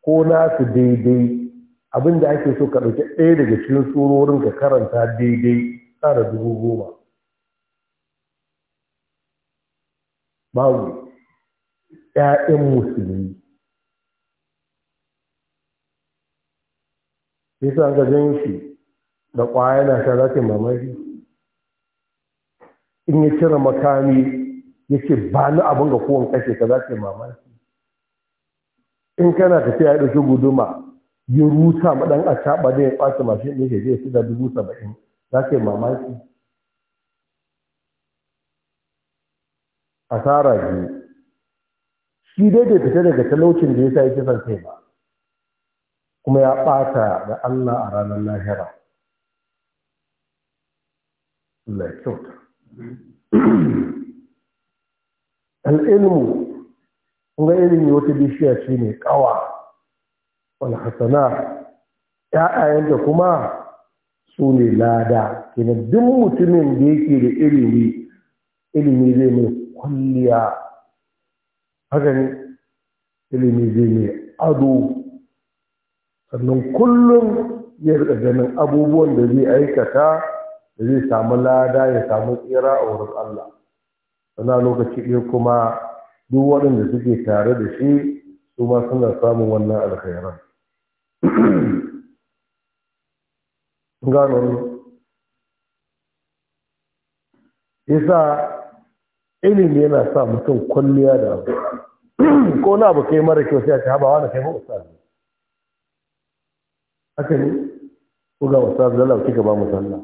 ko nasu daidai abinda ake so ka ɗauki ɗaya daga cikin surorin ka karanta daidai tsara dubu goma babu ‘ya'yan musulmi yasa ga shi da ƙwaya na sha za mamaki in ya cire makami ya ce ba ni abin ga kowane kashe ka za mamaki in kana tafiya ya ɗauki guduma ya rusa ma a caɓa zai ya ɓace mashin ɗin shi zai da dubu saba'in za ka yi mamaki asara biyu shi dai bai fita daga talaucin da ya sa ya kisan kai ba kuma ya ɓata da Allah a ranar lahira Allah ya al'ilmu kun ga ilimi wata bishiya ce mai kawa wani hasana ya'ayanta kuma su ne lada kenan duk mutumin da yake da ilimi ilimi zai mai kwalliya haka ne ilimi zai mai ado sannan kullum ya rika ganin abubuwan da zai aikata da zai samu lada ya samu tsira a wurin Allah sannan lokaci ɗaya kuma duk waɗanda suke tare da shi su ma suna samun wannan alkhairan gano isa ilimi yana sa mutum kwalliya da abu ko na abu kai mara kyau sai a ci habawa da kai ma'usa ne haka ne ko ga ustaz lalla kika ba mu sallah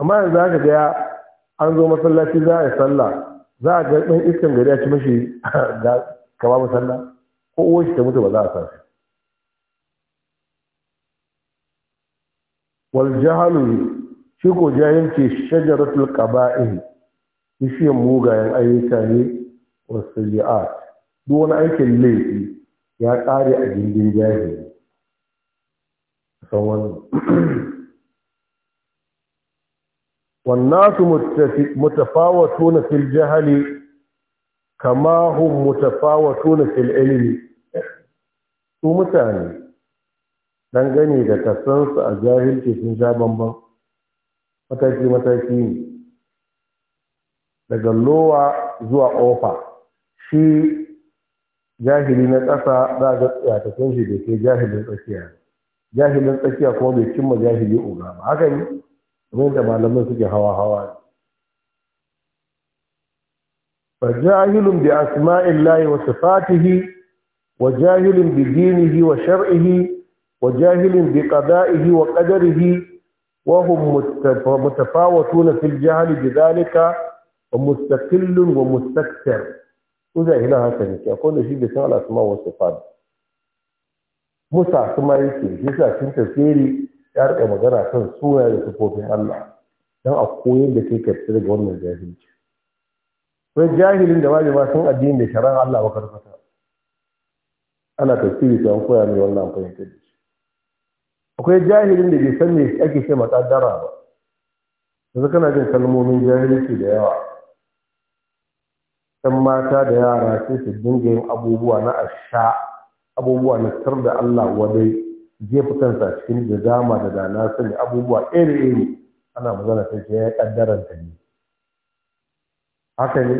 amma yanzu haka gaya. an zo masallaci za a yi sallah za a ɗan iskan gari a ci mashi ga kama masalla ko uwar shi ta mutu ba za a sashi wal jahalu shi ko jahilci shajaratul qaba'ih bishiyar mugayen ayyuka ne wa sayyi'at duk wani aikin laifi ya ƙare a gindin jahili sawan والناس متفاوتون في الجهل كما هم متفاوتون في العلم su mutane dangane da kasansu a jahilci sun sha bambam mataki-mataki ne daga lowa zuwa ofa shi jahili na ƙasa za a ga tsayatakin shi da ke jahilin tsakiya jahilin tsakiya kuma bai cimma jahili uga ba haka ne kamar da malamai suke hawa-hawa Ba jahilun bi layi wa sifatihi wa jahilun bi dinihi wa shar'ihi wa jahilun bi qada'ihi wa ƙadarihi wa hum mutafawatuna fil bi zalika wa mustaqillun wa Ku zai hila haka ne ke akwai da shi bai san wa sifat musa kuma yake shi sa cin tasiri ya rika magana kan suna da sufofin Allah don a koyar da kai karfi daga wannan jahilci Wai jahilin da malama sun addini da sharan Allah ba karfata ana tafsiri da an koya mai wannan fahimtar da shi akwai jahilin da bai san me ake ce dara ba yanzu kana jin kalmomin jahilci da yawa ɗan mata da yara sai su dinga yin abubuwa na asha abubuwa na sar da Allah wadai jefa kansa cikin da dama da da na sani abubuwa iri-iri ana magana ta ce ya kaddaran ta ne haka ne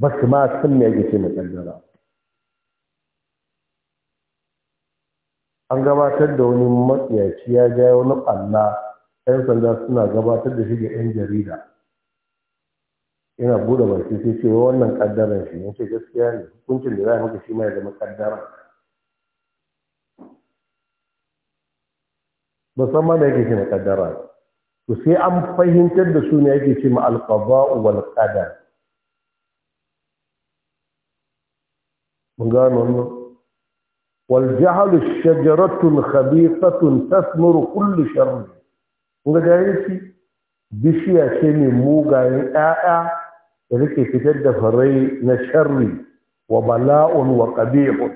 ba su ma sun ne yake ce mai kaddara an gabatar da wani matsiyaci ya ja wani ɓalla 'yan sanda suna gabatar da shi ga 'yan jarida Ina buɗe baki sai ce wannan kaddaran shi ce gaskiya ne hukuncin da za a maka shi ma ya zama kaddara musamman da yake ce na kaddara to sai an fahimtar da su ne yake ce ma alqada'u wal qada mun gano wal jahlu shajaratun khabithatu tasmuru kullu sharr mun ga yake bishiya ce mai mugayen ƴaƴa da take fitar da farai na sharri wa bala'un wa qabihun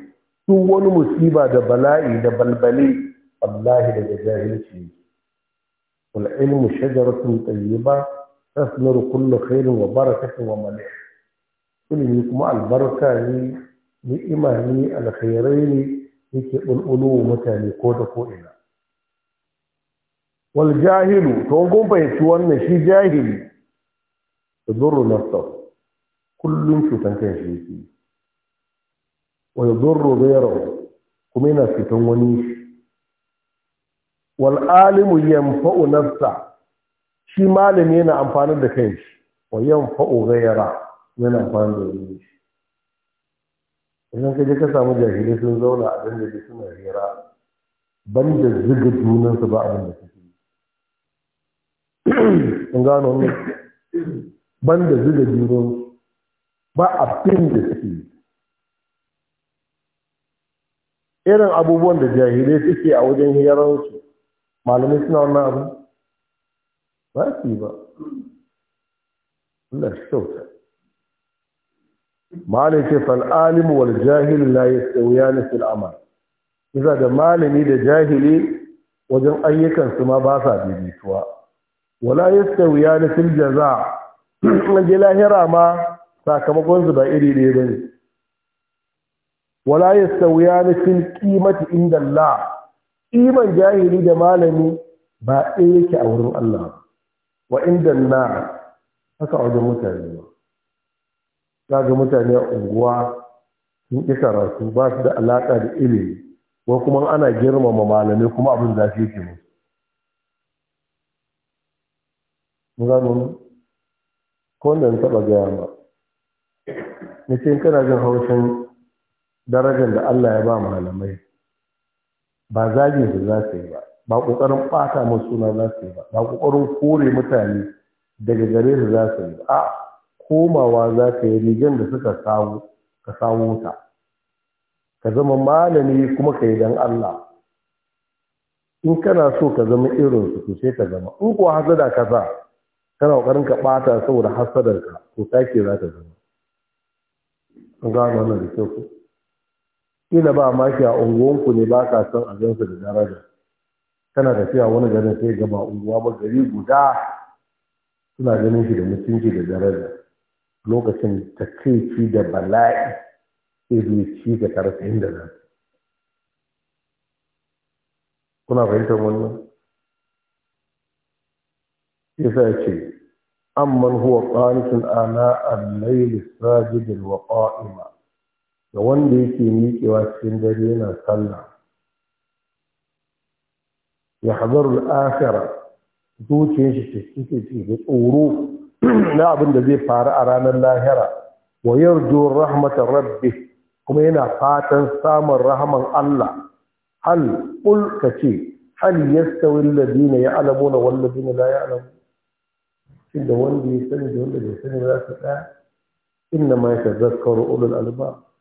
duk wani musiba da bala'i da balbali الله لجزائه والعلم شجرة طيبة تثمر كل خير وبركة ومليح كل يكمع البركة لي لإمامي الخيرين لكي الألو متاني كوتكو إلا والجاهل تونقوم بيتوان نشي جاهل يضر نفسه كل شو تنكشي ويضر غيره كمينة في تونغونيش wal alimu yanfa'u nafsa shi malami yana amfani da kai shi wa yanfa'u ghayra yana amfani da wani shi idan ka je ka samu jahilai sun zauna a su suna hira ban da zuga su ba abin da suke yi in gano ban da zuga dunan ba abin da suke yi irin abubuwan da jahilai suke a wajen hiyararsu malamai suna wannan abu ba su yi ba Allah shi kyauta malai ce fal'alim wal jahil la yastawiyani na amal isa da malami da jahili wajen ayyukan su ma ba sa daidaituwa wala yi fil jaza an je lahira ma sakamakon ba iri ɗaya ne. wala yastawiyani fil qimati inda La. kiman jahili da malami ba ɗaya yake a wurin Allah wa inda na haka wajen mutane ba ga mutane a unguwa sun isa rasu ba su da alaƙa da ilimi ko kuma ana girmama malamai kuma abin za su yake musu mun gano ko na taɓa gaya ma. na ce kana jin haushin darajar da Allah ya ba malamai ba zagin da za su yi ba ba ƙoƙarin ɓata musu suna za su yi ba ba ƙoƙarin kore mutane daga gare su za su yi ba a komawa za ka yi rigen da suka samu ka samu ta ka zama malami kuma ka yi don Allah in kana so ka zama irin su to sai ka zama in kuwa hasada ka sa kana ƙoƙarin ka ɓata saboda hasadar ka to sake za ka zama an gano wannan da kyau kila ba ma shi a unguwanku ne ba ka san a gansu da daraja kana tafiya wani garin sai gaba unguwa ba gari guda suna ganin shi da mutunci da daraja lokacin ta takaici da bala'i sai zai ci ka karfe inda za kuna fahimtar wannan yasa ya ce amman huwa qanitun ana al layl sajidun wa qa'ima ga wanda yake miƙewa cikin dare yana sallah ya hazaru al'ashara zuciyar shi ta cike ce da tsoro na abin da zai faru a ranar lahira wa yarju rahmatar rabbi kuma yana fatan samun rahaman Allah hal kul ka ce hal yastawi alladhina ya'lamuna wal ladina la ya'lamun shin da wanda ya sani da wanda bai sani za su tsaya inna ma yatazakkaru ulul albab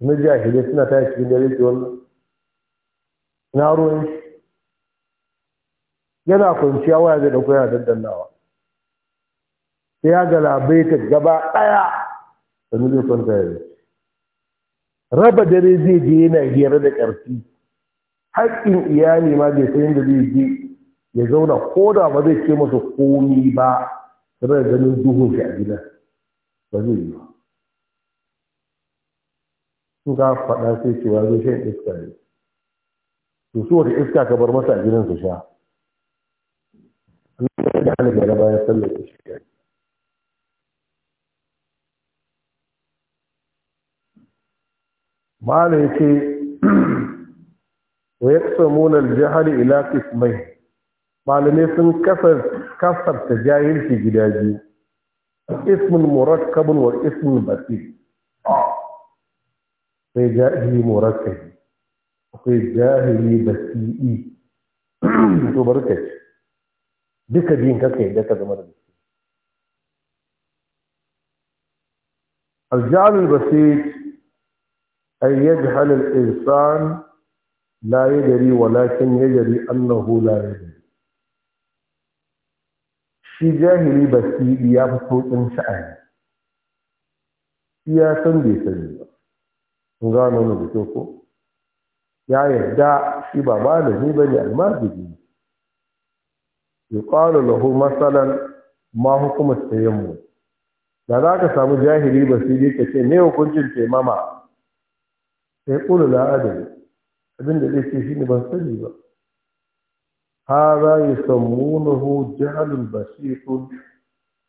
na jahilai suna ta cikin dare ke wannan na ruwan shi yana kwanciya waya zai dauko yana daddannawa sai ya labai ta gaba daya da kwanta ya raba dare zai je yana hira da ƙarfi haƙƙin iyali ma bai san da zai je ya zauna ko da ba zai ce masa komi ba da ganin duhun shi a gida ba zai yi ba su ka faɗa sai cewa zo shan iska ne to su wata iska ka bar masa a gidan su sha Allah ya hana gara bayan sallar isha mala ya ce wa ya tsamunar jihar ila kismai malamai sun kasarta jahilci gida biyu ismin murakkabin wa ismin basir في جاهلي مركب في جاهلي بسيئي تو بركز دك دين كاكي دك زمان الجعل البسيط اي يجهل الإنسان لا يدري ولكن يدري أنه لا يدري shi jahili ba su iya fito in سندي iya kun gano wani da ko ya yarda shi ba da ba ne almajiri ne yuqalu lahu masalan ma hukumu tayammu da za ka samu jahili ba basiri ka ce me hukuncin taimama sai qulu la adri abin da zai ce ne ban sani ba hadha yusammunahu jahlun basitun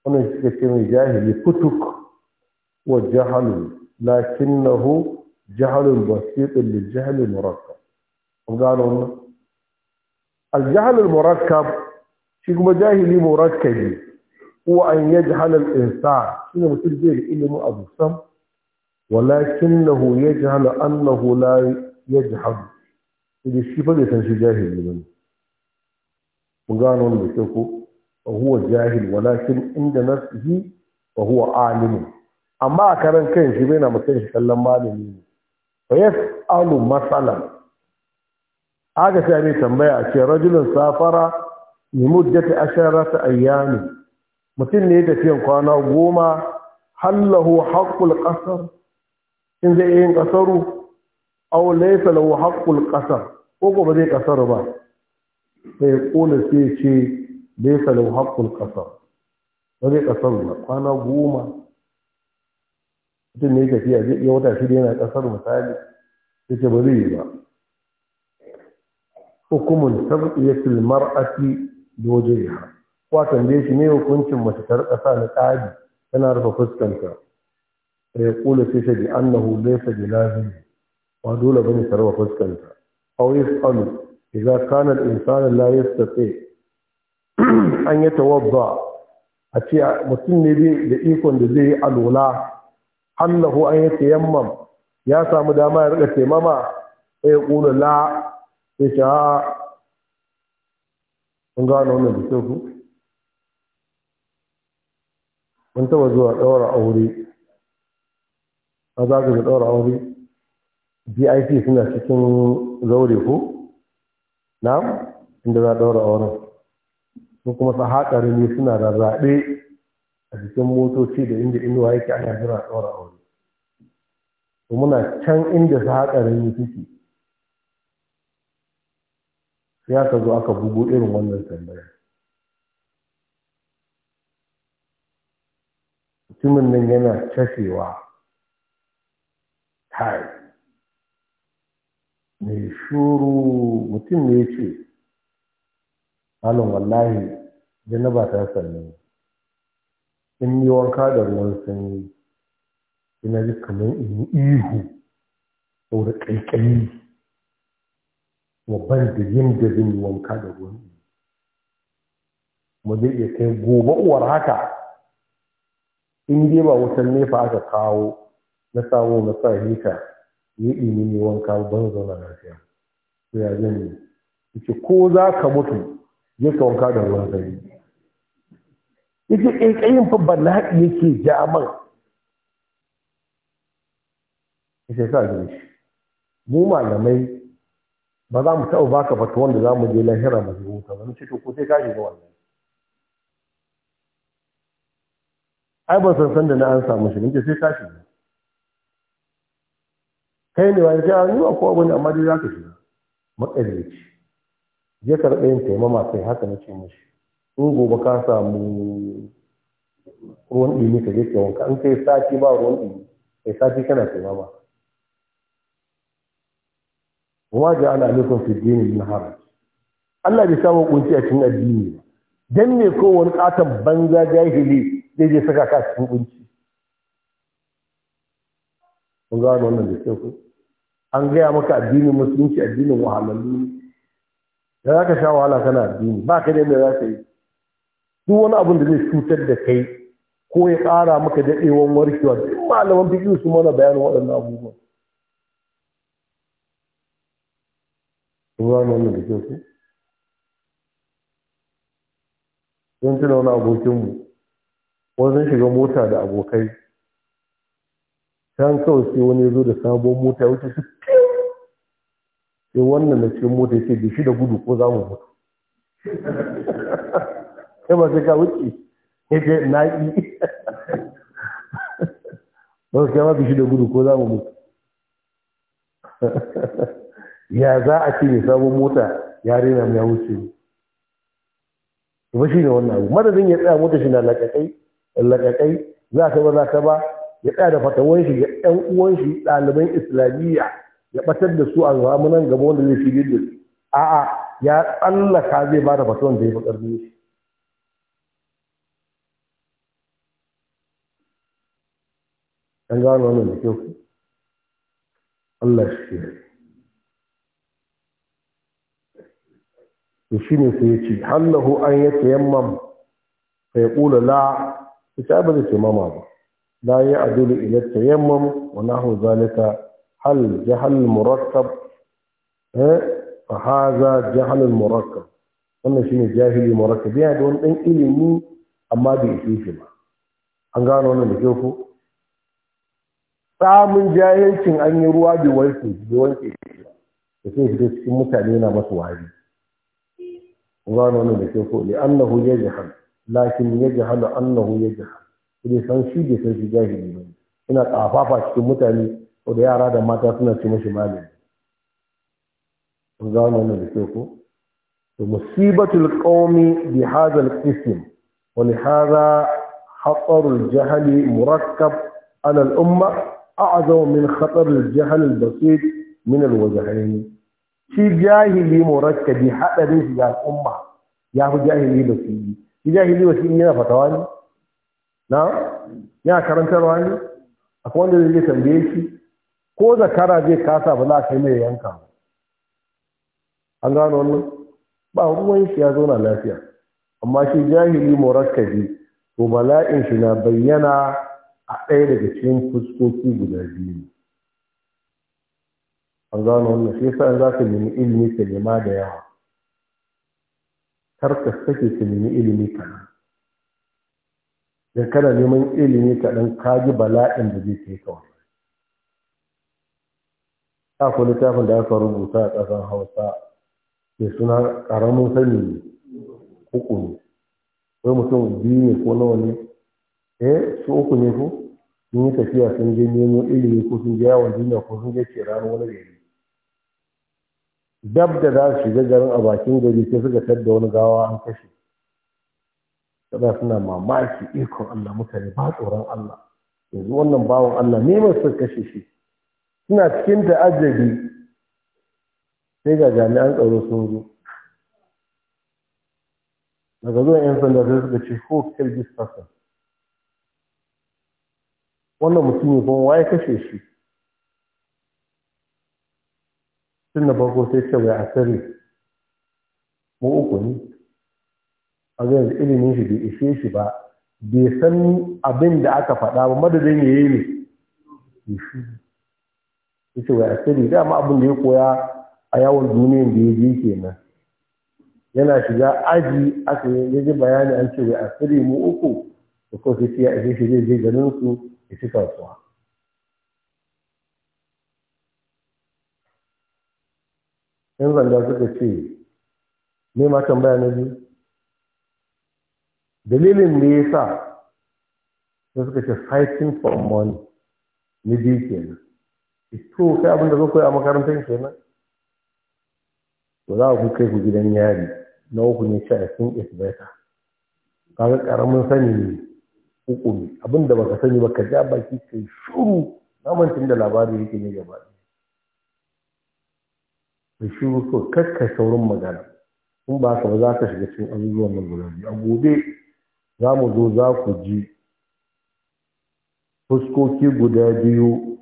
wannan shi ke mai jahili kutuk wa na lakinnahu jahalun basitin da jahalun murakkab kun gano wannan shi kuma jahili murakkabi huwa an yajhala al-insan shine mutum zai ilimin abu sam walakinahu yajhalu annahu la yajhalu da shi ba zai san shi jahili bane gano wannan da kyau ko huwa jahil walakin inda nafsihi wa huwa alim amma a karan kan shi bai na mutum shi kallon malami ne fa alu masala. haka sai mai tambaya a ce rajulun safara li muddati asharata ayyami mutum ne da tafiyan kwana goma hallahu haqqul qasar in zai yin qasaru aw laysa lahu haqqul qasar ko ko ba zai qasaru ba sai kula sai ce laysa lahu haqqul qasar ba zai qasaru ba kwana goma mutum ne tafiya zai iya wata shida yana kasar misali ya ce ba zai yi ba hukumun sarƙiyatul mar'ati da waje ya da shi ne hukuncin mace tar ƙasa na ƙari tana rufe fuskanta ya eh, kula sai shi bi annahu sa bi Lahiri. wa dole bane ta rufe fuskanta aw yasalu idza kana al-insanu la yastati an yi yatawadda a ce mutum ne da ikon da zai yi al'ula. hannahu an yi yammam ya samu dama ya rika taimama sai ya kula la sai ta kun gano wannan bikin ku mun taba zuwa daura aure a za ka daura aure gip suna cikin zaure ko na inda za a ɗaura auren Ko kuma sa haƙari ne suna da a jikin motoci da inda inuwa yake ana jira ɗora aure to muna can inda su haƙarin yi suke ya ka zo aka bugu irin wannan tambaya mutumin nan yana cashewa tai mai shuru mutum ne ce halin wallahi janaba ta sannan in yi wanka da ruwan sanyi ina ji kamar in yi ihu da ƙaiƙayi kuma ban da yin da zin yi wanka da ruwan sanyi kuma zai iya kai gobe uwar haka in dai ba wutar nefa aka kawo na samu na sa hita ya ɗini ne wanka ban zauna lafiya to ya zan yi ko za ka mutu je ka wanka da ruwan sanyi yake ƙaiƙayin eh, fa bala'i yake ja man yake sa shi mu malamai ba za mu taɓa baka fata wanda za mu je lahira mu zuwa ka zama ko sai ka shiga wannan ai ba san san da na an samu shi nake sai ka shiga kai ne wani jawa ni ba ko abin amma dai za ka shiga makaryaci je ka raɗa yin taimama sai haka na ce mashi in gobe ka samu ruwan ɗumi ka je ka wanka in kai sati ba ruwan ɗumi kai sati kana kai ba wa ja ana alaikum fi dini min haraj Allah bai samu kunci a cikin addini ba dan ko wani katon banza jahili zai je saka ka cikin kunci kun ga wannan da kyau an gaya maka addinin musulunci addinin wahalallu da za ka sha wahala kana addini ba ka da yadda za ka yi duk wani abin da zai cutar da kai ko ya ƙara maka daɗewan warkewa duk malaman fiƙi su mana bayanin waɗannan abubuwa ruwan wannan da kyau su don tuna wani abokinmu wani shiga mota da abokai can kawai sai wani ya zo da sabon mota wuce su sai wannan da cikin mota ya ce da shi da gudu ko za mu mutu kai ba sai ka wuce ya ce na ba su kyamata bishi da gudu ko za mu mutu ya za a ce mai sabon mota ya rena mu ya wuce ne ba shi ne wannan abu madadin ya tsaya mota shi na lakakai lakakai za ka ba za ka ba ya tsaya da fatawan shi ga ɗan uwan shi ɗaliban islamiyya ya ɓatar da su a zamanin gaba wanda zai fi da su a'a ya tsallaka zai ba da fatawan da ya fi ƙarfi shi an gano wannan da kyau Allah shi to shi ne sai ya ce hallahu an ya tayammam fa ya ƙula la ita ba zai taimama ba la ya adulu ila tayammam wa nahu zalika hal jahal murakkab eh fa hadha jahal murakkab wannan shine jahili murakkab ya da wani dan ilimi amma bai ishe shi ba an gano wannan da kyau ko samun jahilcin an yi ruwa da wanke bai wanke da sai da cikin mutane na masu wari gano ne da ke ko li annahu yajhal lakin yajhal annahu yajhal sai san shi da san shi jahili ne ina kafafa cikin mutane ko da yara da mata suna ci mashi malami gano ne da ke ko to musibatul qaumi bi hadha al-ism wa li hadha hatarul murakkab ala al-umma a'azam min khatar jihar jahl al-basit min al-wajhayn shi jahili murakkabi hadarin shi ga umma ya fi jahili basiri shi jahili basiri yana fatawa ne na yana karantarwa ne akwai wanda zai tambaye shi ko zakara zai kasa ba za a kai mai yanka an gano wannan ba ruwan shi ya zauna lafiya amma shi jahili murakkabi to bala'in shi na bayyana a ɗaya daga cikin fuskoki guda biyu an gano wannan shi yasa za ka nemi ilimi ka nema da yawa kar ka sake ka nemi ilimi kaɗan da kana neman ilimi kaɗan ka ji bala'in da zai kai kawai ta kuma littafin da aka rubuta a ƙasar hausa Ke suna ƙaramin sani hukumi wai mutum biyu ne ko nawa ne eh su uku ne ko sun yi tafiya sun je nemo ilimi ko sun je yawon duniya ko sun je rana wani gari dab da za su shiga garin a bakin gari sai suka tadda wani gawa an kashe kada suna mamaki ikon Allah mutane ba tsoron Allah yanzu wannan bawan Allah ne mai su kashe shi suna cikin ta'ajjabi sai ga jami'an tsaro sun zo daga zuwan 'yan sanda sai suka ce ko kill this person wannan mutum ne kuma waye kashe shi tun da farko sai ce bai asali mu uku ne a yanzu ilimin shi bai ishe shi ba bai san abin da aka faɗa ba madadin ya yi ne ya ce bai asali dama abin da ya koya a yawon duniyan da ya je kenan yana shiga aji aka yi bayani an ce wai a tsiri mu uku da kawai sai ya ishe shi zai ganin su tafi kasuwa yan zanda suka ce ne ma tambaya na biyu dalilin da ya sa da suka ce fighting for money na biyu kenan eh to kai abin da zo koya a makarantar kenan to za ku kai ku gidan yari na uku ne sha sun is better kaga karamin sani ne hukumi abinda baka sani ba ka ja baki kai shuru namantin da labari yake ne gaba da shuru so kakka saurin magana in ba ka ba za ka shiga cikin abubuwan nan guda biyu a gobe za mu zo za ku ji fuskoki guda biyu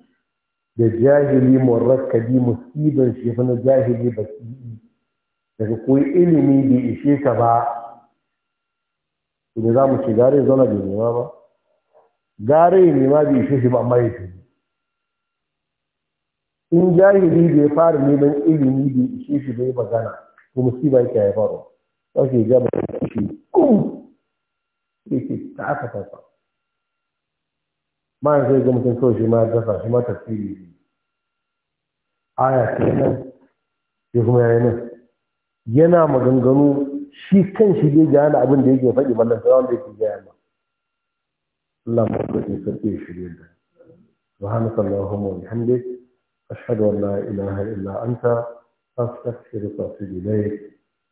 da jahili murakkabi musibin shi na jahili basi'i daga koyi ilimi bai ishe ka ba ne za mu ce gare zona bai nema ba gare ya nema bai ishe shi ba amma ya shi in jahili bai fara neman ilimi bai ishe shi bai magana ko musiba yake ya faru. su yi gaba da shi kum yake ta aka tafa ma zai ya ga mutum kawai shi ma ya dasa shi ma tafsiri ne aya kenan ya kuma nan yana maganganu shi kan shi zai gane abin da yake faɗi ballan sai wanda yake gaya ma Allah mu ga shi sarki shirye da subhanaka allahumma wa bihamdik ashhadu an la ilaha illa anta astaghfiruka wa atubu ilayk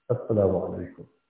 assalamu alaikum